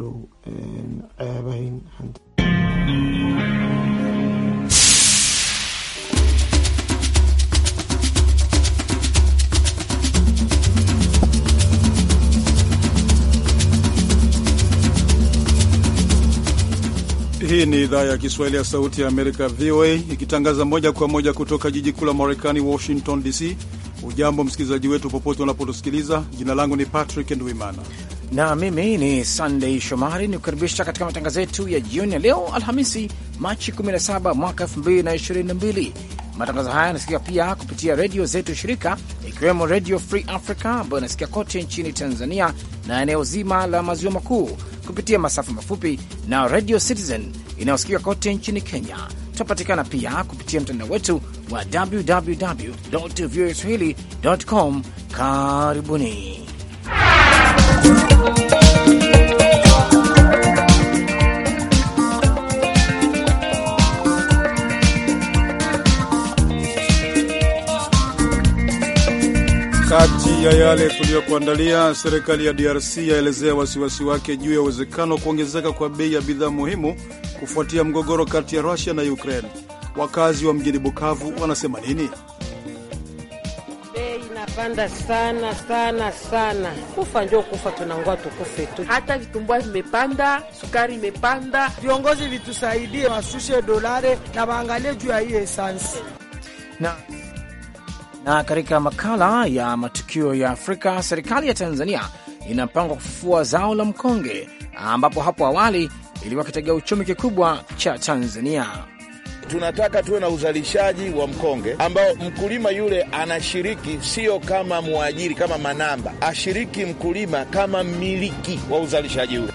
dhow ceebahayn xanta Hii ni idhaa ya Kiswahili ya Sauti ya Amerika, VOA, ikitangaza moja kwa moja kutoka jiji kuu la Marekani, Washington DC. Ujambo msikilizaji wetu, popote unapotusikiliza. Jina langu ni Patrick Ndwimana na mimi ni sandey Shomari ni kukaribisha katika matangazo yetu ya jioni ya leo Alhamisi, Machi 17 mwaka 2022. Matangazo haya yanasikika pia kupitia redio zetu shirika, ikiwemo Redio Free Africa ambayo inasikia kote nchini Tanzania na eneo zima la maziwa makuu kupitia masafa mafupi na Radio Citizen inayosikika kote nchini Kenya. Tunapatikana pia kupitia mtandao wetu wa www vo swahilicom com. Karibuni. ya yale tuliyokuandalia, serikali ya DRC yaelezea wasiwasi wake juu ya uwezekano wa kuongezeka kwa bei ya bidhaa muhimu kufuatia mgogoro kati ya Rusia na Ukraine. Wakazi wa mjini Bukavu wanasema nini? Bei inapanda sana sana sana, kufa njo kufa, tunangoa tukufe tu. Hata vitumbua vimepanda, sukari imepanda. Viongozi vitusaidie, washushe dolare na waangalie juu ya hii esansi na na katika makala ya matukio ya Afrika, serikali ya Tanzania ina mpango kufufua zao la mkonge, ambapo hapo awali ilikuwa kitega uchumi kikubwa cha Tanzania. Tunataka tuwe na uzalishaji wa mkonge ambao mkulima yule anashiriki, sio kama mwajiri, kama manamba, ashiriki mkulima kama mmiliki wa uzalishaji huo.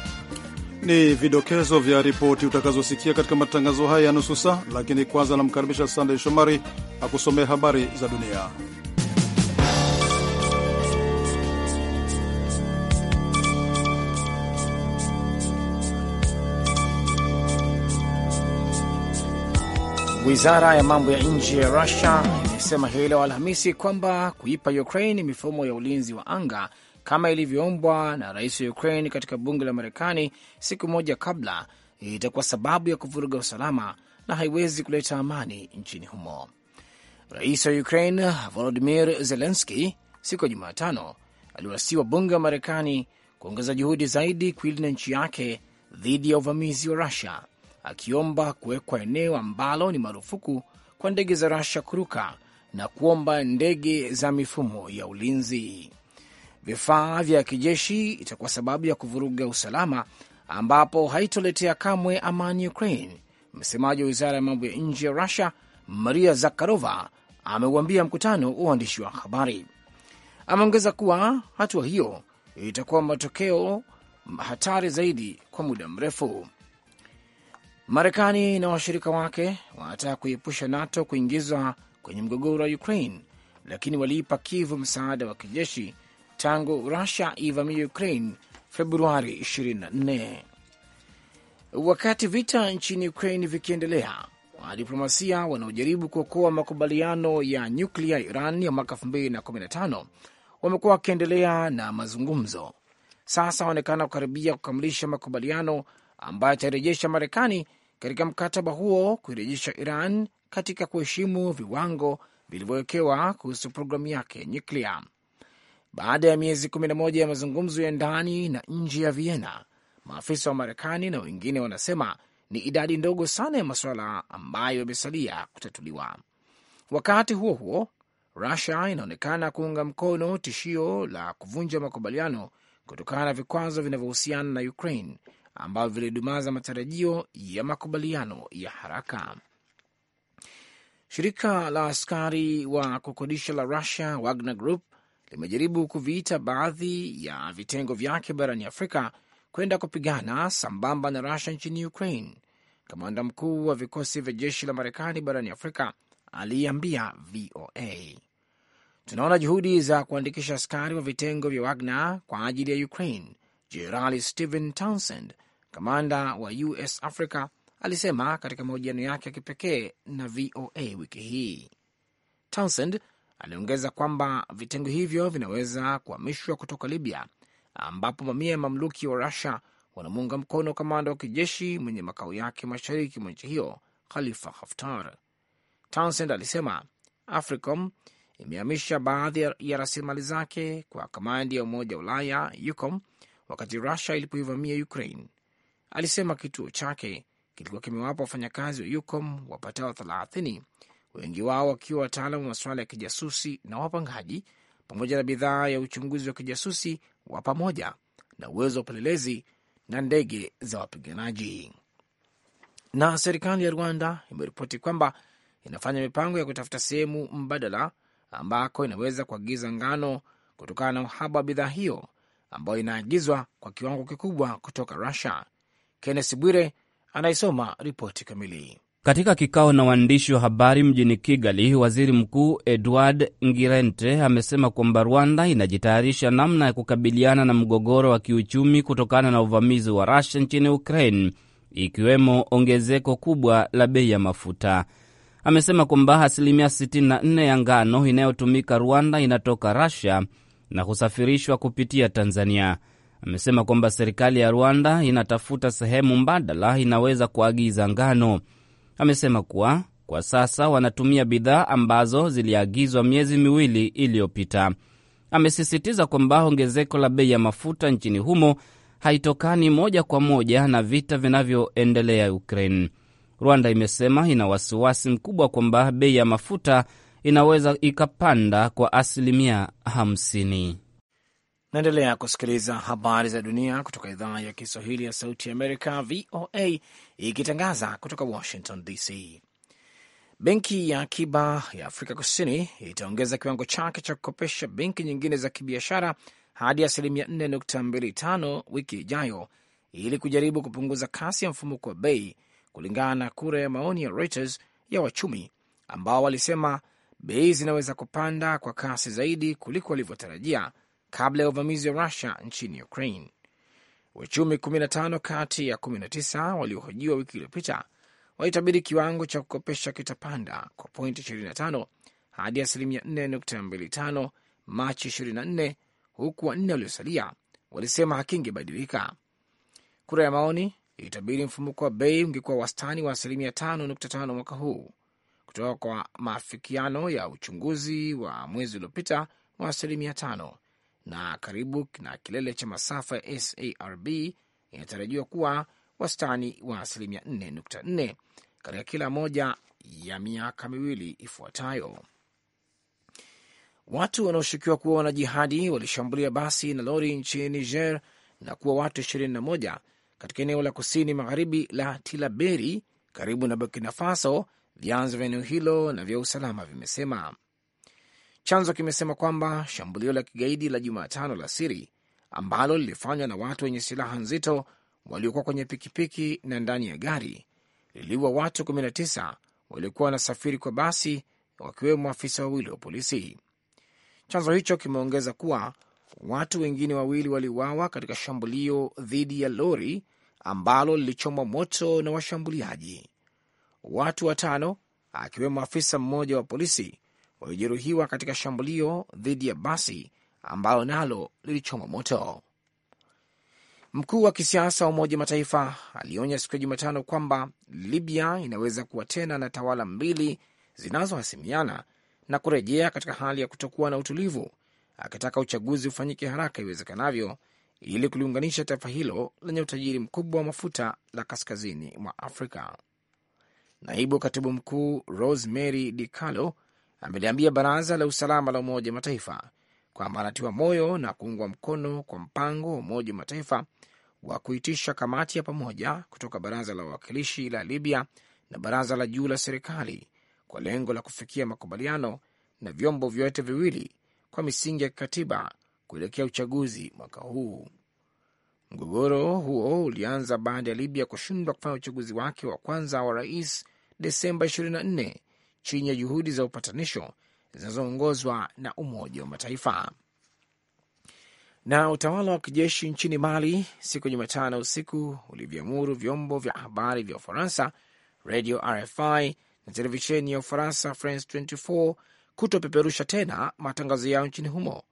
Ni vidokezo vya ripoti utakazosikia katika matangazo haya ya nusu saa, lakini kwanza anamkaribisha Sandey Shomari akusomea habari za dunia. Wizara ya mambo ya nje ya Rusia imesema hii leo Alhamisi kwamba kuipa Ukraine mifumo ya ulinzi wa anga kama ilivyoombwa na rais wa Ukraine katika bunge la Marekani siku moja kabla, itakuwa sababu ya kuvuruga usalama na haiwezi kuleta amani nchini humo. Rais wa Ukraine Volodimir Zelenski siku ya Jumatano aliwasiwa bunge wa Marekani kuongeza juhudi zaidi kuilinda nchi yake dhidi ya uvamizi wa Rusia, akiomba kuwekwa eneo ambalo ni marufuku kwa ndege za Rusia kuruka na kuomba ndege za mifumo ya ulinzi vifaa vya kijeshi itakuwa sababu ya kuvuruga usalama ambapo haitoletea kamwe amani Ukraine. Msemaji wa wizara ya mambo ya nje ya Rusia Maria Zakharova ameuambia mkutano wa waandishi wa habari. Ameongeza kuwa hatua hiyo itakuwa matokeo hatari zaidi kwa muda mrefu. Marekani na washirika wake wanataka kuiepusha NATO kuingizwa kwenye mgogoro wa Ukraine, lakini waliipa Kivu msaada wa kijeshi tangu Rusia ivamia Ukraine Februari 24. Wakati vita nchini Ukraine vikiendelea, wadiplomasia wanaojaribu kuokoa makubaliano ya nyuklia ya Iran ya mwaka 2015 wamekuwa wakiendelea na mazungumzo. Sasa waonekana kukaribia kukamilisha makubaliano ambayo yatairejesha Marekani katika mkataba huo, kuirejesha Iran katika kuheshimu viwango vilivyowekewa kuhusu programu yake ya nyuklia. Baada ya miezi 11 ya mazungumzo ya ndani na nje ya Vienna, maafisa wa Marekani na wengine wanasema ni idadi ndogo sana ya masuala ambayo yamesalia kutatuliwa. Wakati huo huo, Rusia inaonekana kuunga mkono tishio la kuvunja makubaliano kutokana na vikwazo vinavyohusiana na Ukraine ambavyo vilidumaza matarajio ya makubaliano ya haraka. Shirika la askari wa kukodisha la Russia Wagner Group limejaribu kuviita baadhi ya vitengo vyake barani Afrika kwenda kupigana sambamba na Rusia nchini Ukraine. Kamanda mkuu wa vikosi vya jeshi la Marekani barani Afrika aliyeambia VOA, tunaona juhudi za kuandikisha askari wa vitengo vya Wagner kwa ajili ya Ukraine. Jenerali Stephen Townsend, kamanda wa US Africa, alisema katika mahojiano yake ya kipekee na VOA wiki hii. Townsend Aliongeza kwamba vitengo hivyo vinaweza kuhamishwa kutoka Libya, ambapo mamia ya mamluki wa Rusia wanamuunga mkono kamanda wa kijeshi mwenye makao yake mashariki mwa nchi hiyo Khalifa Haftar. Townsend alisema AFRICOM imehamisha baadhi ya rasilimali zake kwa kamandi ya Umoja wa Ulaya UCOM wakati Rusia ilipoivamia Ukraine. Alisema kituo chake kilikuwa kimewapa wafanyakazi wa UCOM wapatao thelathini wengi wao wakiwa wataalam wa masuala ya kijasusi na wapangaji, pamoja na bidhaa ya uchunguzi wa kijasusi wa pamoja na uwezo wa upelelezi na ndege za wapiganaji. Na serikali ya Rwanda imeripoti kwamba inafanya mipango ya kutafuta sehemu mbadala ambako inaweza kuagiza ngano kutokana na uhaba wa bidhaa hiyo ambayo inaagizwa kwa kiwango kikubwa kutoka Rusia. kennes Bwire anaisoma ripoti kamili. Katika kikao na waandishi wa habari mjini Kigali, waziri mkuu Edward Ngirente amesema kwamba Rwanda inajitayarisha namna ya kukabiliana na mgogoro wa kiuchumi kutokana na uvamizi wa Russia nchini Ukraine, ikiwemo ongezeko kubwa la bei ya mafuta. Amesema kwamba asilimia 64 ya ngano inayotumika Rwanda inatoka rasia na kusafirishwa kupitia Tanzania. Amesema kwamba serikali ya Rwanda inatafuta sehemu mbadala inaweza kuagiza ngano amesema kuwa kwa sasa wanatumia bidhaa ambazo ziliagizwa miezi miwili iliyopita. Amesisitiza kwamba ongezeko la bei ya mafuta nchini humo haitokani moja kwa moja na vita vinavyoendelea Ukraine. Rwanda imesema ina wasiwasi mkubwa kwamba bei ya mafuta inaweza ikapanda kwa asilimia 50. Naendelea kusikiliza habari za dunia kutoka idhaa ya Kiswahili ya Sauti ya Amerika, VOA, ikitangaza kutoka Washington DC. Benki ya Akiba ya Afrika Kusini itaongeza kiwango chake cha kukopesha benki nyingine za kibiashara hadi asilimia 4.25 wiki ijayo ili kujaribu kupunguza kasi ya mfumuko wa bei, kulingana na kura ya maoni ya Reuters ya wachumi ambao walisema bei zinaweza kupanda kwa kasi zaidi kuliko walivyotarajia kabla ya uvamizi wa Rusia nchini Ukraine. Wachumi 15 kati ya 19 waliohojiwa wiki iliyopita walitabiri kiwango cha kukopesha kitapanda kwa pointi 25 hadi asilimia 4.25 Machi 24, huku wanne waliosalia walisema hakingebadilika. Kura ya maoni ilitabiri mfumuko wa bei ungekuwa wastani wa asilimia 5.5 mwaka huu kutoka kwa maafikiano ya uchunguzi wa mwezi uliopita wa asilimia 5 na karibu na kilele cha masafa ya SARB inatarajiwa kuwa wastani wa asilimia 4.4 katika kila moja ya miaka miwili ifuatayo. Watu wanaoshukiwa kuwa wanajihadi walishambulia basi na lori nchini Niger na kuwa watu 21 katika eneo la kusini magharibi la Tilaberi karibu na Burkina Faso, vyanzo vya eneo hilo na vya usalama vimesema. Chanzo kimesema kwamba shambulio la kigaidi la Jumatano la siri ambalo lilifanywa na watu wenye silaha nzito waliokuwa kwenye pikipiki na ndani ya gari liliua watu 19 waliokuwa wanasafiri kwa basi, wakiwemo afisa wawili wa polisi. Chanzo hicho kimeongeza kuwa watu wengine wawili waliuawa katika shambulio dhidi ya lori ambalo lilichomwa moto na washambuliaji. Watu watano akiwemo afisa mmoja wa polisi waliojeruhiwa katika shambulio dhidi ya basi ambalo nalo lilichoma moto. Mkuu wa kisiasa wa Umoja Mataifa alionya siku ya Jumatano kwamba Libya inaweza kuwa tena na tawala mbili zinazohasimiana na kurejea katika hali ya kutokuwa na utulivu, akitaka uchaguzi ufanyike haraka iwezekanavyo ili kuliunganisha taifa hilo lenye utajiri mkubwa wa mafuta la kaskazini mwa Afrika. Naibu katibu mkuu Rosemary Carlo ameliambia baraza la usalama la Umoja wa Mataifa kwamba anatiwa moyo na kuungwa mkono kwa mpango wa Umoja wa Mataifa wa kuitisha kamati ya pamoja kutoka baraza la wawakilishi la Libya na baraza la juu la serikali kwa lengo la kufikia makubaliano na vyombo vyote viwili kwa misingi ya kikatiba kuelekea uchaguzi mwaka huu. Mgogoro huo ulianza baada ya Libya kushindwa kufanya uchaguzi wake wa kwanza wa rais Desemba 24 chini ya juhudi za upatanisho zinazoongozwa na Umoja wa Mataifa. Na utawala wa kijeshi nchini Mali siku ya Jumatano usiku ulivyoamuru vyombo vya habari vya Ufaransa, radio RFI na televisheni ya Ufaransa France 24 kutopeperusha tena matangazo yao nchini humo,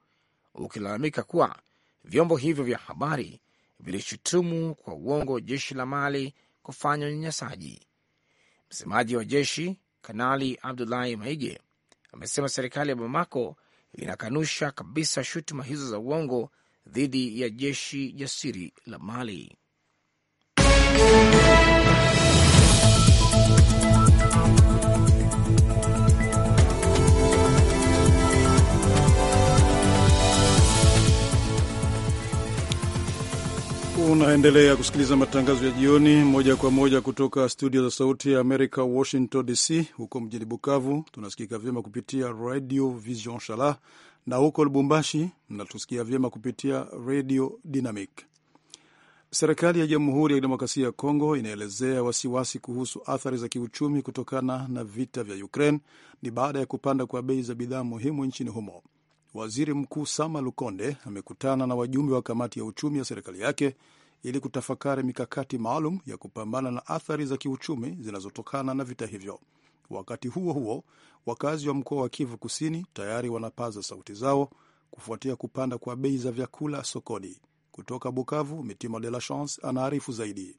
ukilalamika kuwa vyombo hivyo vya habari vilishutumu kwa uongo jeshi la Mali kufanya unyanyasaji. Msemaji wa jeshi Kanali Abdulahi Maige amesema serikali ya Bamako inakanusha kabisa shutuma hizo za uongo dhidi ya jeshi jasiri la Mali. Unaendelea kusikiliza matangazo ya jioni moja kwa moja kutoka studio za Sauti ya Amerika, Washington DC. Huko mjini Bukavu tunasikika vyema kupitia Radio Vision Shala, na huko Lubumbashi mnatusikia vyema kupitia Radio Dynamic. Serikali ya Jamhuri ya Kidemokrasia ya Kongo inaelezea wasiwasi kuhusu athari za kiuchumi kutokana na vita vya Ukraine. Ni baada ya kupanda kwa bei za bidhaa muhimu nchini humo. Waziri Mkuu Sama Lukonde amekutana na wajumbe wa kamati ya uchumi ya serikali yake ili kutafakari mikakati maalum ya kupambana na athari za kiuchumi zinazotokana na vita hivyo. Wakati huo huo, wakazi wa mkoa wa Kivu Kusini tayari wanapaza sauti zao kufuatia kupanda kwa bei za vyakula sokoni. Kutoka Bukavu, Mitima de la Chance anaarifu zaidi.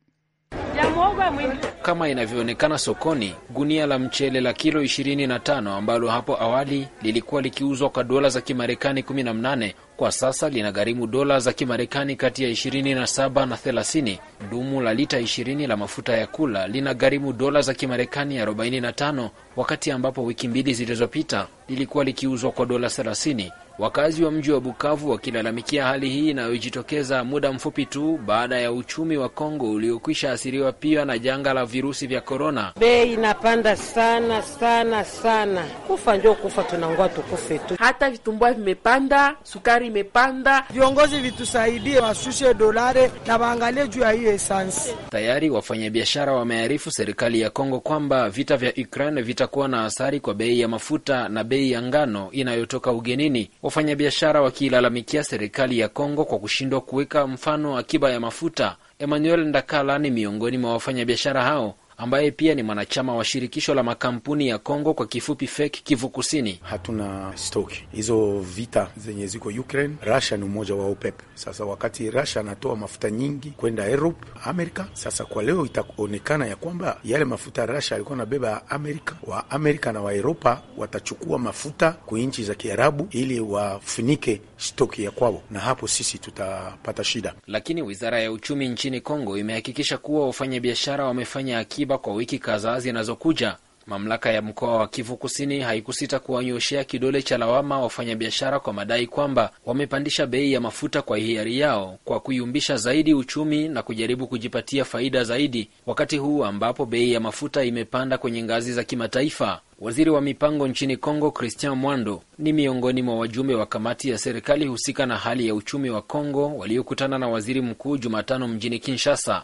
Kama inavyoonekana sokoni, gunia la mchele la kilo 25 ambalo hapo awali lilikuwa likiuzwa kwa dola za Kimarekani 18 kwa sasa linagharimu dola za Kimarekani kati ya 27 na 30. Dumu la lita 20 la mafuta ya kula linagharimu dola za Kimarekani 45, wakati ambapo wiki mbili zilizopita lilikuwa likiuzwa kwa dola 30. Wakazi wa mji wa Bukavu wakilalamikia hali hii inayojitokeza muda mfupi tu baada ya uchumi wa Kongo uliokwisha asiriwa pia na janga la virusi vya korona. Bei inapanda sana sana sana, kufa njo kufa, tunangoa tukufe tu. Hata vitumbua vimepanda, sukari imepanda. Viongozi vitusaidie, washushe dolare na waangalie juu ya hiyo esansi. Tayari wafanyabiashara wamearifu serikali ya Kongo kwamba vita vya Ukraine vitakuwa na athari kwa bei ya mafuta na bei ya ngano inayotoka ugenini wafanyabiashara wakiilalamikia serikali ya Kongo kwa kushindwa kuweka mfano akiba ya mafuta. Emmanuel Ndakala ni miongoni mwa wafanyabiashara hao ambaye pia ni mwanachama wa shirikisho la makampuni ya Kongo kwa kifupi FEK Kivu Kusini. Hatuna stoki hizo vita zenye ziko Ukraine. Russia ni umoja wa OPEP. Sasa wakati Russia anatoa mafuta nyingi kwenda Europe, Amerika, sasa kwa leo itaonekana ya kwamba yale mafuta Russia alikuwa anabeba Amerika, wa Amerika na wa Europa watachukua mafuta kwa nchi za Kiarabu ili wafunike stoki ya kwao, na hapo sisi tutapata shida. Lakini wizara ya uchumi nchini Kongo imehakikisha kuwa wafanyabiashara wamefanya akiba akiba kwa wiki kadhaa zinazokuja. Mamlaka ya mkoa wa Kivu Kusini haikusita kuwanyoshea kidole cha lawama wafanyabiashara kwa madai kwamba wamepandisha bei ya mafuta kwa hiari yao kwa kuyumbisha zaidi uchumi na kujaribu kujipatia faida zaidi, wakati huu ambapo bei ya mafuta imepanda kwenye ngazi za kimataifa. Waziri wa mipango nchini Kongo, Christian Mwando, ni miongoni mwa wajumbe wa kamati ya serikali husika na hali ya uchumi wa Kongo waliokutana na waziri mkuu Jumatano mjini Kinshasa.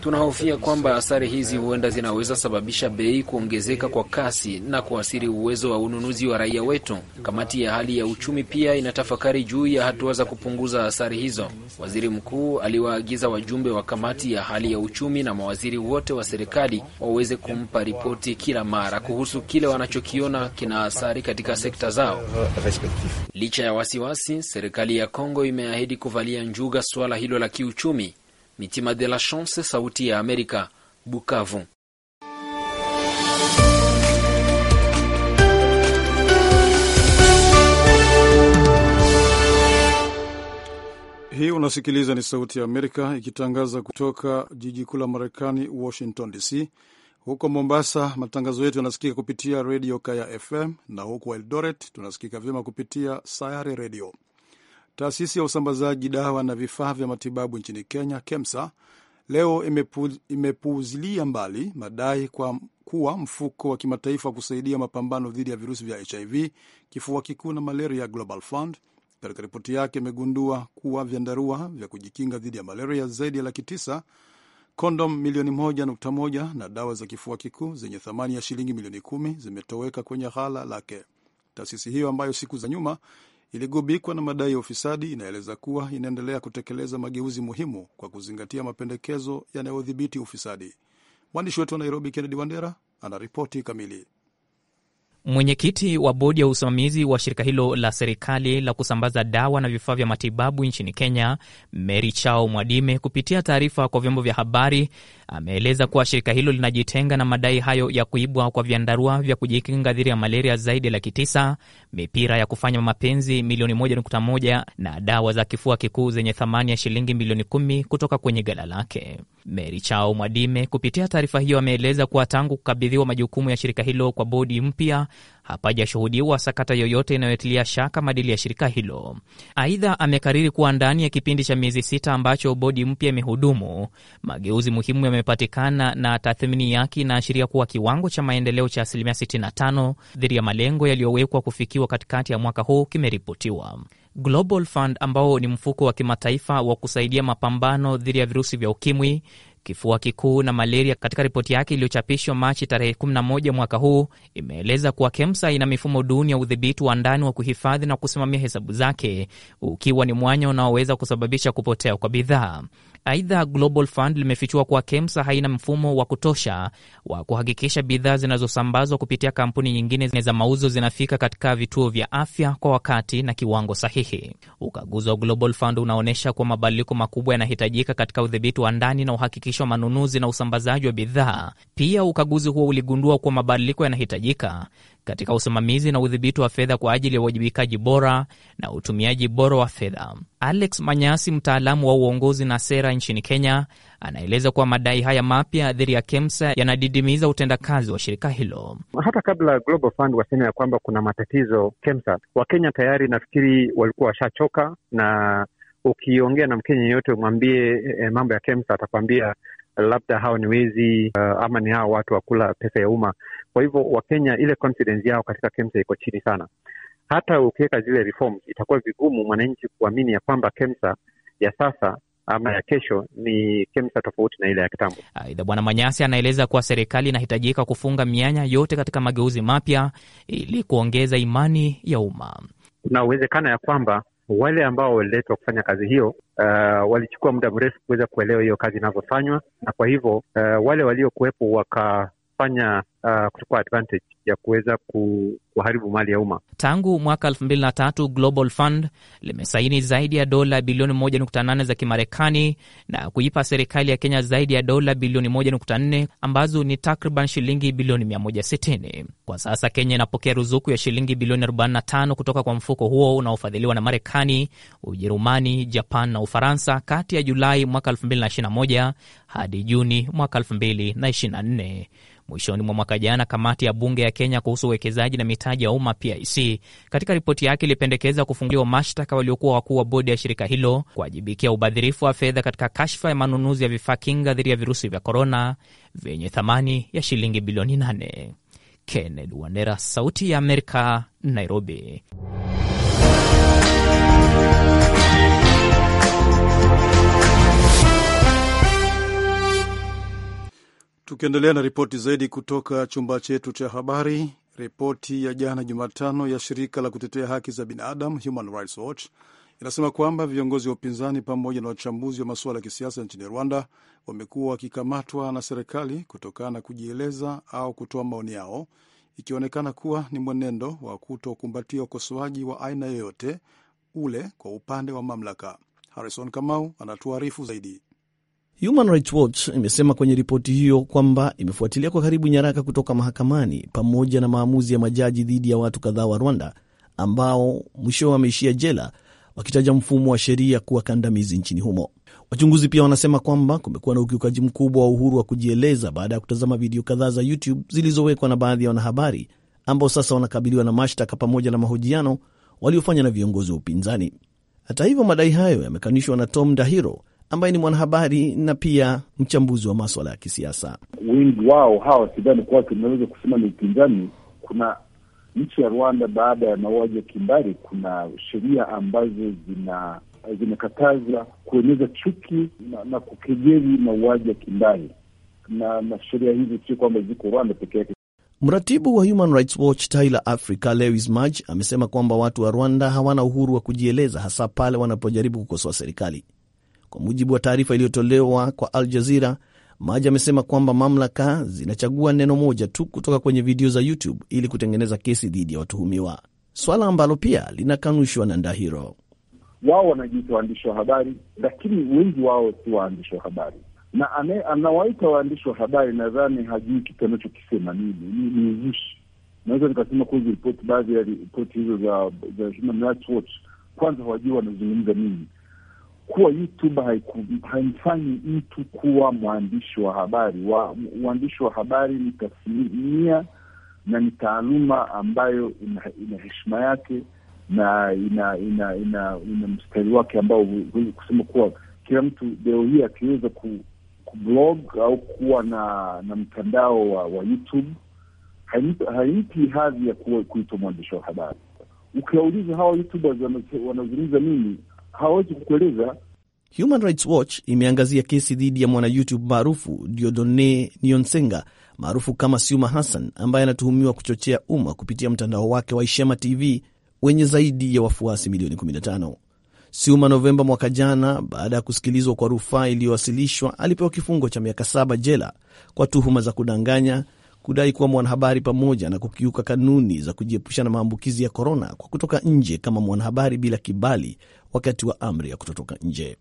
Tunahofia kwamba athari hizi huenda zinaweza sababisha kusababisha bei kuongezeka kwa kasi na kuathiri uwezo wa ununuzi wa raia wetu. Kamati ya hali ya uchumi pia inatafakari juu ya hatua za kupunguza athari hizo. Waziri mkuu aliwaagiza wajumbe wa kamati ya hali ya uchumi na mawaziri wote wa serikali waweze kumpa ripoti kila mara kuhusu kile wanachokiona kina athari katika sekta zao. Licha ya wasiwasi, serikali ya Kongo imeahidi kuvalia njuga suala hilo la kiuchumi. Mitima de la Chance, Sauti ya Amerika, Bukavu. Hii unasikiliza ni Sauti ya Amerika ikitangaza kutoka jiji kuu la Marekani, Washington DC. Huko Mombasa, matangazo yetu yanasikika kupitia redio Kaya FM, na huko Eldoret tunasikika vyema kupitia Sayare Redio. Taasisi ya usambazaji dawa na vifaa vya matibabu nchini Kenya, KEMSA, leo imepuuzilia mbali madai kwa kuwa mfuko wa kimataifa wa kusaidia mapambano dhidi ya virusi vya HIV, kifua kikuu na malaria, Global Fund katika ripoti yake imegundua kuwa vyandarua vya kujikinga dhidi ya malaria zaidi ya laki tisa, kondom milioni moja nukta moja na dawa za kifua kikuu zenye thamani ya shilingi milioni kumi zimetoweka kwenye ghala lake. Taasisi hiyo ambayo siku za nyuma iligubikwa na madai ya ufisadi inaeleza kuwa inaendelea kutekeleza mageuzi muhimu kwa kuzingatia mapendekezo yanayodhibiti ufisadi. Mwandishi wetu wa Nairobi, Kennedy Wandera, ana ripoti kamili. Mwenyekiti wa bodi ya usimamizi wa shirika hilo la serikali la kusambaza dawa na vifaa vya matibabu nchini Kenya, Mary Chao Mwadime, kupitia taarifa kwa vyombo vya habari Ameeleza kuwa shirika hilo linajitenga na madai hayo ya kuibwa kwa vyandarua vya kujikinga dhidi ya malaria zaidi ya laki tisa, mipira ya kufanya mapenzi milioni moja nukta moja na dawa za kifua kikuu zenye thamani ya shilingi milioni kumi kutoka kwenye gala lake. Mary Chao Mwadime kupitia taarifa hiyo ameeleza kuwa tangu kukabidhiwa majukumu ya shirika hilo kwa bodi mpya hapajashuhudiwa sakata yoyote inayotilia shaka madili ya shirika hilo. Aidha, amekariri kuwa ndani ya kipindi cha miezi sita ambacho bodi mpya imehudumu, mageuzi muhimu yamepatikana na tathmini yake inaashiria kuwa kiwango cha maendeleo cha asilimia 65 dhidi ya malengo yaliyowekwa kufikiwa katikati ya mwaka huu kimeripotiwa. Global Fund ambao ni mfuko wa kimataifa wa kusaidia mapambano dhidi ya virusi vya ukimwi kifua kikuu na malaria katika ripoti yake iliyochapishwa Machi tarehe 11 mwaka huu imeeleza kuwa KEMSA ina mifumo duni ya udhibiti wa ndani wa kuhifadhi na kusimamia hesabu zake, ukiwa ni mwanya unaoweza kusababisha kupotea kwa bidhaa. Aidha, Global Fund limefichua kuwa KEMSA haina mfumo wa kutosha wa kuhakikisha bidhaa zinazosambazwa kupitia kampuni nyingine za mauzo zinafika katika vituo vya afya kwa wakati na kiwango sahihi. Ukaguzi wa Global Fund unaonyesha kuwa mabadiliko makubwa yanahitajika katika udhibiti wa ndani na uhakikisha kurahisisha manunuzi na usambazaji wa bidhaa. Pia ukaguzi huo uligundua kuwa mabadiliko yanahitajika katika usimamizi na udhibiti wa fedha kwa ajili ya uwajibikaji bora na utumiaji bora wa fedha. Alex Manyasi, mtaalamu wa uongozi na sera nchini Kenya, anaeleza kuwa madai haya mapya dhidi ya KEMSA yanadidimiza utendakazi wa shirika hilo. Hata kabla Global Fund waseme ya kwamba kuna matatizo KEMSA, Wakenya tayari nafikiri walikuwa washachoka na ukiongea na Mkenya yeyote umwambie e, mambo ya KEMSA atakwambia labda hawa ni wezi uh, ama ni hawa watu wakula pesa ya umma. Kwa hivyo Wakenya, ile confidence yao katika KEMSA iko chini sana. Hata ukiweka zile reforms, itakuwa vigumu mwananchi kuamini ya kwamba KEMSA ya sasa ama ya kesho ni KEMSA tofauti na ile ya kitambo. Aidha, Bwana Manyasi anaeleza kuwa serikali inahitajika kufunga mianya yote katika mageuzi mapya ili kuongeza imani ya umma. Kuna uwezekano ya kwamba wale ambao waliletwa kufanya kazi hiyo uh, walichukua muda mrefu kuweza kuelewa hiyo kazi inavyofanywa, na kwa hivyo uh, wale waliokuwepo wakafanya uh, kuchukua advantage ya kuweza kuharibu mali ya umma. Tangu mwaka elfu mbili na tatu Global Fund limesaini zaidi ya dola bilioni moja nukta nane za Kimarekani na kuipa serikali ya Kenya zaidi ya dola bilioni moja nukta nne ambazo ni takriban shilingi bilioni mia moja sitini. Kwa sasa Kenya inapokea ruzuku ya shilingi bilioni 45 kutoka kwa mfuko huo unaofadhiliwa na Marekani, Ujerumani, Japan na Ufaransa kati ya Julai mwaka moja hadi Juni mwaka nne. Mwishoni mwa mwaka Mwaka jana kamati ya bunge ya Kenya kuhusu uwekezaji na mitaji ya umma PIC katika ripoti yake ilipendekeza kufunguliwa mashtaka waliokuwa wakuu wa bodi ya shirika hilo kuwajibikia ubadhirifu wa fedha katika kashfa ya manunuzi ya vifaa kinga dhidi ya virusi vya korona vyenye thamani ya shilingi bilioni 8. Kenneth Wandera, Sauti ya Amerika, Nairobi. Tukiendelea na ripoti zaidi kutoka chumba chetu cha habari, ripoti ya jana Jumatano ya shirika la kutetea haki za binadamu Human Rights Watch inasema kwamba viongozi wa upinzani pamoja na wachambuzi wa masuala ya kisiasa nchini Rwanda wamekuwa wakikamatwa na serikali kutokana na kujieleza au kutoa maoni yao, ikionekana kuwa ni mwenendo wa kutokumbatia ukosoaji wa aina yoyote ule kwa upande wa mamlaka. Harrison Kamau anatuarifu zaidi. Human Rights Watch imesema kwenye ripoti hiyo kwamba imefuatilia kwa karibu nyaraka kutoka mahakamani pamoja na maamuzi ya majaji dhidi ya watu kadhaa wa Rwanda ambao mwishowe wameishia jela wakitaja mfumo wa sheria kuwa kandamizi nchini humo. Wachunguzi pia wanasema kwamba kumekuwa na ukiukaji mkubwa wa uhuru wa kujieleza baada ya kutazama video kadhaa za YouTube zilizowekwa na baadhi ya wanahabari ambao sasa wanakabiliwa na mashtaka pamoja na mahojiano waliofanya na viongozi wa upinzani. Hata hivyo, madai hayo yamekanishwa na Tom Dahiro ambaye ni mwanahabari na pia mchambuzi wa maswala ya kisiasa. Wengi wao hawa sidhani kwake unaweza kusema ni upinzani. Kuna nchi ya Rwanda baada ya mauaji ya kimbari, kuna sheria ambazo zina zimekataza kueneza chuki na, na kukejeli mauaji ya kimbari, na, na sheria hizi sio kwamba ziko Rwanda peke yake. Mratibu wa Human Rights Watch Tyler Africa Lewis Maj amesema kwamba watu wa Rwanda hawana uhuru wa kujieleza, hasa pale wanapojaribu kukosoa serikali. Kwa mujibu wa taarifa iliyotolewa kwa Al Jazeera, Maji amesema kwamba mamlaka zinachagua neno moja tu kutoka kwenye video za YouTube ili kutengeneza kesi dhidi ya watuhumiwa, swala ambalo pia linakanushwa na Ndahiro. Wao wanajiita waandishi wa habari, lakini wengi wao si waandishi wa habari na anawaita waandishi wa habari, nadhani hajui kitu anachokisema nini. Ni uzushi. Naweza nikasema kuzi ripoti, baadhi ya ripoti hizo za Human Rights Watch, kwanza hawajui wanazungumza nini kuwa YouTube haimfanyi mtu kuwa mwandishi wa habari. Uandishi wa, wa habari ni tasnia na ni taaluma ambayo ina, ina heshima yake na ina ina ina, ina mstari wake ambao huwezi kusema kuwa kila mtu leo hii akiweza ku, ku blog au kuwa na na mtandao wa, wa YouTube haimpi hadhi ya kuitwa mwandishi wa habari. Ukiwauliza hawa YouTubers wanazungumza nini hawezi kukueleza. Human Rights Watch imeangazia kesi dhidi ya mwana YouTube maarufu Diodone nionsenga maarufu kama Siuma Hassan ambaye anatuhumiwa kuchochea umma kupitia mtandao wake wa Ishema TV wenye zaidi ya wafuasi milioni 15. Siuma Novemba mwaka jana, baada ya kusikilizwa kwa rufaa iliyowasilishwa, alipewa kifungo cha miaka saba jela kwa tuhuma za kudanganya kudai kuwa mwanahabari pamoja na kukiuka kanuni za kujiepusha na maambukizi ya korona kwa kutoka nje kama mwanahabari bila kibali wakati wa amri ya kutotoka nje.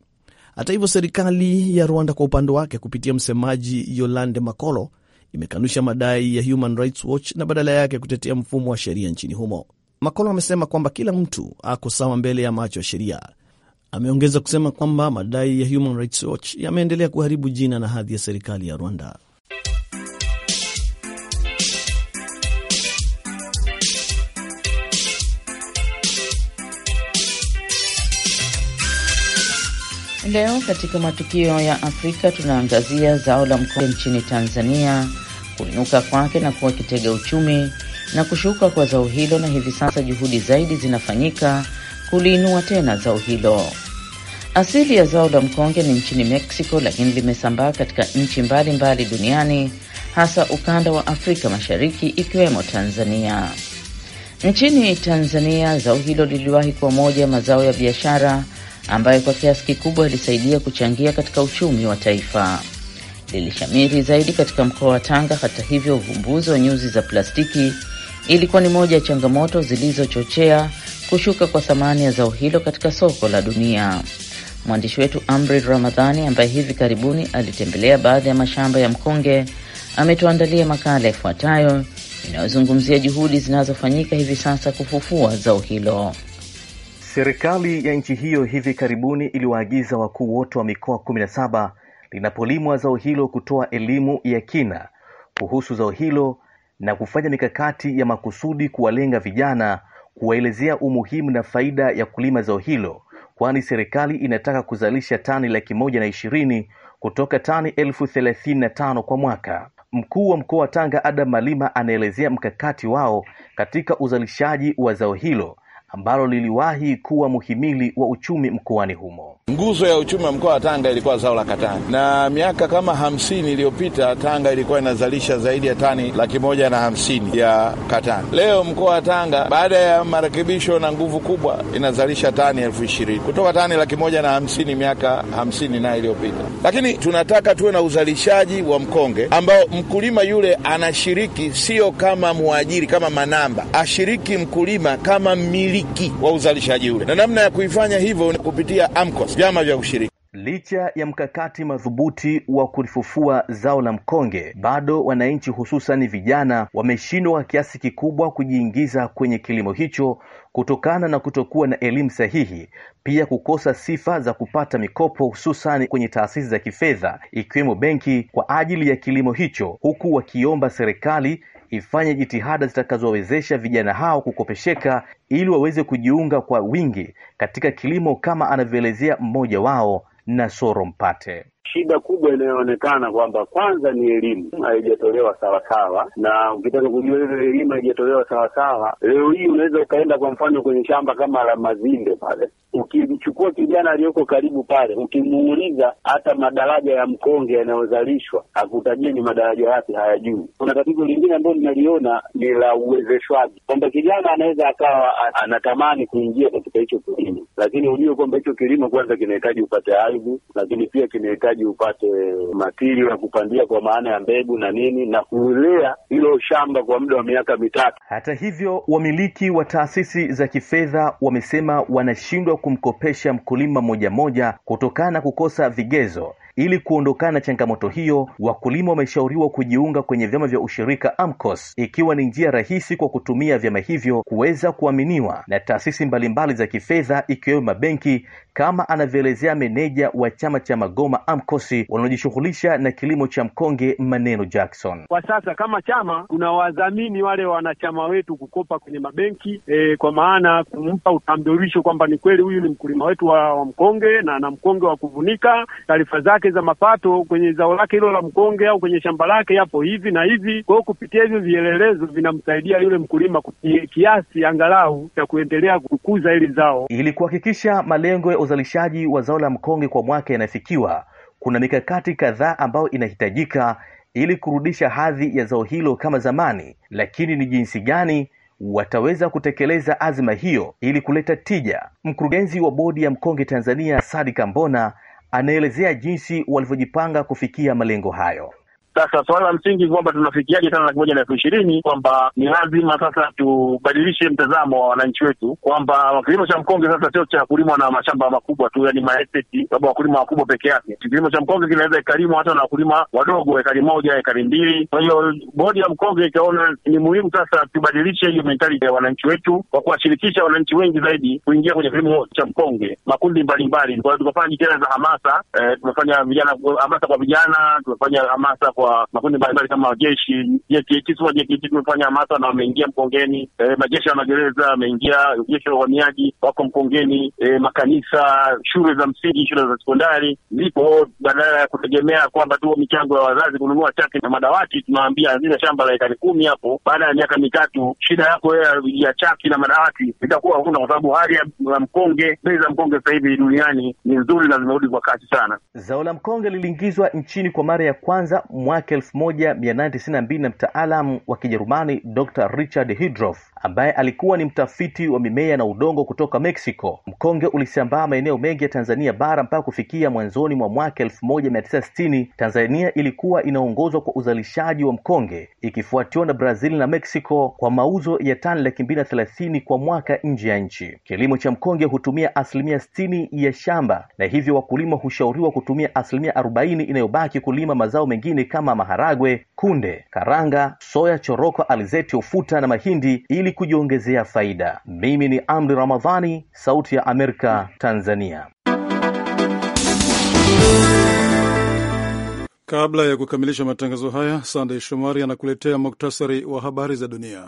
Hata hivyo, serikali ya Rwanda kwa upande wake kupitia msemaji Yolande Makolo imekanusha madai ya Human Rights Watch na badala yake kutetea mfumo wa sheria nchini humo. Makolo amesema kwamba kila mtu ako sawa mbele ya macho ya sheria. Ameongeza kusema kwamba madai ya Human Rights Watch yameendelea kuharibu jina na hadhi ya serikali ya Rwanda. leo katika matukio ya Afrika tunaangazia zao la mkonge nchini Tanzania, kuinuka kwake na kuwa kitega uchumi na kushuka kwa zao hilo, na hivi sasa juhudi zaidi zinafanyika kuliinua tena zao hilo. Asili ya zao la mkonge ni nchini Mexico, lakini limesambaa katika nchi mbalimbali duniani, hasa ukanda wa Afrika Mashariki ikiwemo Tanzania. Nchini Tanzania, zao hilo liliwahi kuwa moja ya mazao ya biashara ambayo kwa kiasi kikubwa ilisaidia kuchangia katika uchumi wa taifa. Lilishamiri zaidi katika mkoa wa Tanga. Hata hivyo, uvumbuzi wa nyuzi za plastiki ilikuwa ni moja ya changamoto zilizochochea kushuka kwa thamani ya zao hilo katika soko la dunia. Mwandishi wetu Amri Ramadhani, ambaye hivi karibuni alitembelea baadhi ya mashamba ya mkonge, ametuandalia makala ifuatayo inayozungumzia juhudi zinazofanyika hivi sasa kufufua zao hilo. Serikali ya nchi hiyo hivi karibuni iliwaagiza wakuu wote wa mikoa kumi na saba linapolimwa zao hilo kutoa elimu ya kina kuhusu zao hilo na kufanya mikakati ya makusudi kuwalenga vijana, kuwaelezea umuhimu na faida ya kulima zao hilo, kwani serikali inataka kuzalisha tani laki moja na ishirini kutoka tani elfu thelathini na tano kwa mwaka. Mkuu wa mkoa wa Tanga Adam Malima anaelezea mkakati wao katika uzalishaji wa zao hilo ambalo liliwahi kuwa muhimili wa uchumi mkoani humo. Nguzo ya uchumi wa mkoa wa Tanga ilikuwa zao la katani, na miaka kama hamsini iliyopita Tanga ilikuwa inazalisha zaidi ya tani laki moja na hamsini ya katani. Leo mkoa wa Tanga baada ya marekebisho na nguvu kubwa inazalisha tani elfu ishirini kutoka tani laki moja na hamsini miaka hamsini nayo iliyopita. Lakini tunataka tuwe na uzalishaji wa mkonge ambao mkulima yule anashiriki, sio kama mwajiri, kama manamba, ashiriki mkulima kama mili msingi wa uzalishaji ule, na namna ya kuifanya hivyo ni kupitia AMCOS, vyama vya ushirika. Licha ya mkakati madhubuti wa kulifufua zao la mkonge, bado wananchi hususani vijana wameshindwa kwa kiasi kikubwa kujiingiza kwenye kilimo hicho kutokana na kutokuwa na elimu sahihi, pia kukosa sifa za kupata mikopo hususani kwenye taasisi za kifedha ikiwemo benki kwa ajili ya kilimo hicho, huku wakiomba serikali ifanye jitihada zitakazowezesha vijana hao kukopesheka ili waweze kujiunga kwa wingi katika kilimo kama anavyoelezea mmoja wao na soro Mpate. Shida kubwa inayoonekana kwamba kwanza ni elimu haijatolewa sawasawa, na ukitaka kujua hiyo elimu haijatolewa sawasawa, leo hii unaweza ukaenda kwa mfano kwenye shamba kama la Mazinde pale, ukimchukua kijana aliyoko karibu pale, ukimuuliza hata madaraja ya mkonge yanayozalishwa, akutajie ni madaraja yapi, hayajui. Kuna tatizo lingine ambalo linaliona ni la uwezeshwaji, kwamba kijana anaweza akawa anatamani kuingia katika hicho kilimo, lakini hujue kwamba hicho kilimo kwanza kinahitaji upate ardhi, lakini pia kinahitaji inabidi upate matirio ya kupandia kwa maana ya mbegu na nini na kulea hilo shamba kwa muda wa miaka mitatu. Hata hivyo, wamiliki wa taasisi za kifedha wamesema wanashindwa kumkopesha mkulima moja moja kutokana na kukosa vigezo. Ili kuondokana changamoto hiyo, wakulima wameshauriwa kujiunga kwenye vyama vya ushirika AMCOS, ikiwa ni njia rahisi kwa kutumia vyama hivyo kuweza kuaminiwa na taasisi mbalimbali za kifedha ikiwemo mabenki kama anavyoelezea meneja wa chama cha Magoma amkosi wanaojishughulisha na kilimo cha mkonge Maneno Jackson. Kwa sasa kama chama kuna wadhamini wale wanachama wetu kukopa kwenye mabenki e, kwa maana kumpa utambulisho kwamba ni kweli huyu ni mkulima wetu wa, wa mkonge na na mkonge wa kuvunika, taarifa zake za mapato kwenye zao lake hilo la mkonge au kwenye shamba lake yapo hivi na hivi. Kwa hiyo kupitia hivyo vielelezo vinamsaidia yule mkulima kiasi angalau cha kuendelea kukuza hili zao ili kuhakikisha malengo uzalishaji wa zao la mkonge kwa mwaka inafikiwa kuna mikakati kadhaa ambayo inahitajika ili kurudisha hadhi ya zao hilo kama zamani, lakini ni jinsi gani wataweza kutekeleza azma hiyo ili kuleta tija? Mkurugenzi wa bodi ya mkonge Tanzania, Sadi Kambona, anaelezea jinsi walivyojipanga kufikia malengo hayo. Sasa swala la msingi kwamba tunafikiaje sana laki moja na elfu ishirini kwamba ni lazima sasa tubadilishe mtazamo wa wananchi wetu kwamba kilimo cha mkonge sasa sio cha kulimwa na mashamba makubwa tu, yani maesteti labda wakulima wakubwa peke yake. Kilimo cha mkonge kinaweza ikalimwa hata na wakulima wadogo, ekari moja, ekari mbili. Kwa hiyo bodi ya mkonge ikaona ni muhimu sasa tubadilishe hiyo mentality ya wananchi wetu kwa kuwashirikisha wananchi wengi zaidi kuingia kwenye kilimo cha mkonge, makundi mbalimbali. Kwa hiyo tumefanya jitihada za hamasa eh, tumefanya vijana hamasa kwa vijana, tumefanya hamasa kwa kwa makundi mbalimbali kama jeshi kisiwa JKT kimefanya hamasa na wameingia Mkongeni, e, majeshi ya magereza ameingia, jeshi la uhamiaji wako Mkongeni, e, makanisa, shule za msingi, shule za sekondari zipo. Badala ya kutegemea kwamba tu michango ya wazazi kununua chaki na madawati, tunaambia zile shamba la ekari kumi hapo, baada ya miaka mitatu shida yako ya chaki na madawati itakuwa huna, kwa sababu hali ya mkonge, bei za mkonge sasa hivi duniani ni nzuri na zimerudi kwa kasi sana. Zao la mkonge liliingizwa nchini kwa mara ya kwanza mwa mwaka elfu moja mia nane tisini na mbili na mtaalamu wa Kijerumani Dr Richard hidrof ambaye alikuwa ni mtafiti wa mimea na udongo kutoka Mexico. Mkonge ulisambaa maeneo mengi ya Tanzania bara mpaka kufikia mwanzoni mwa mwaka 1960 Tanzania ilikuwa inaongozwa kwa uzalishaji wa mkonge ikifuatiwa na Brazil na Mexico kwa mauzo ya tani laki mbili na thelathini kwa mwaka nje ya nchi. Kilimo cha mkonge hutumia asilimia sitini ya shamba na hivyo wakulima hushauriwa kutumia asilimia arobaini inayobaki kulima mazao mengine kama maharagwe, kunde, karanga, soya, choroko, alizeti, ufuta na mahindi ili kujiongezea faida. Mimi ni Amri Ramadhani, Sauti ya Amerika, Tanzania. Kabla ya kukamilisha matangazo haya, Sandey Shomari anakuletea muktasari wa habari za dunia.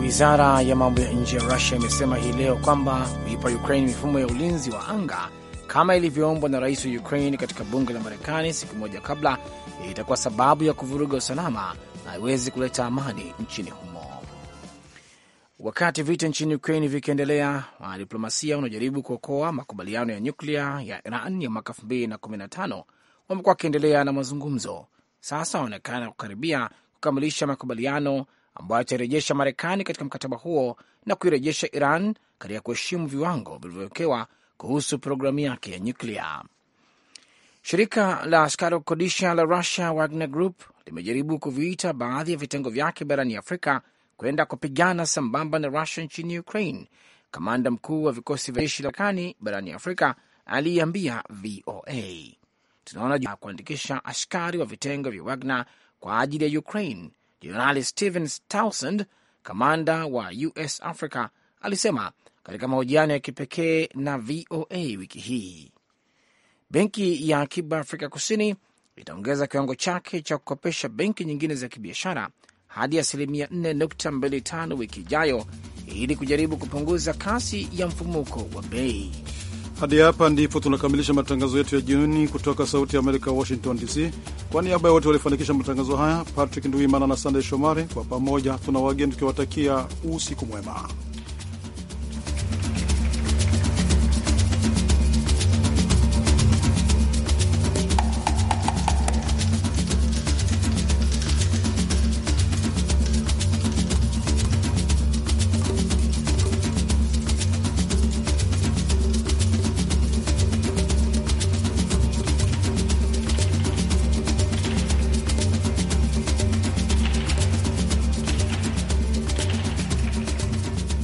Wizara ya mambo ya nje ya Rusia imesema hii leo kwamba kuipa Ukraine mifumo ya ulinzi wa anga kama ilivyoombwa na rais wa Ukraine katika bunge la Marekani siku moja kabla, itakuwa sababu ya kuvuruga usalama na haiwezi kuleta amani nchini humo. Wakati vita nchini Ukraine vikiendelea, wanadiplomasia wanaojaribu kuokoa makubaliano ya nyuklia ya Iran ya mwaka 2015 wamekuwa wakiendelea na mazungumzo. Sasa wanaonekana kukaribia kukamilisha makubaliano ambayo yatairejesha Marekani katika mkataba huo na kuirejesha Iran katika kuheshimu viwango vilivyowekewa kuhusu programu yake ya nyuklia. Shirika la askari wa kukodisha la Russia Wagner Group limejaribu kuviita baadhi ya vitengo vyake barani Afrika kwenda kupigana sambamba na Russia nchini Ukraine. Kamanda mkuu wa vikosi vya jeshi la Marekani barani Afrika aliiambia VOA, tunaona kuandikisha askari wa vitengo vya Wagner kwa ajili ya Ukraine. Jenerali Steven Townsend, kamanda wa US Africa, alisema katika mahojiano ya kipekee na VOA wiki hii. Benki ya Akiba Afrika Kusini itaongeza kiwango chake cha kukopesha benki nyingine za kibiashara hadi asilimia 4.25 wiki ijayo ili kujaribu kupunguza kasi ya mfumuko wa bei. Hadi hapa ndipo tunakamilisha matangazo yetu ya jioni kutoka Sauti ya Amerika, Washington DC. Kwa niaba ya wote waliofanikisha matangazo haya, Patrick Nduimana na Sandey Shomari, kwa pamoja tuna wageni tukiwatakia usiku mwema.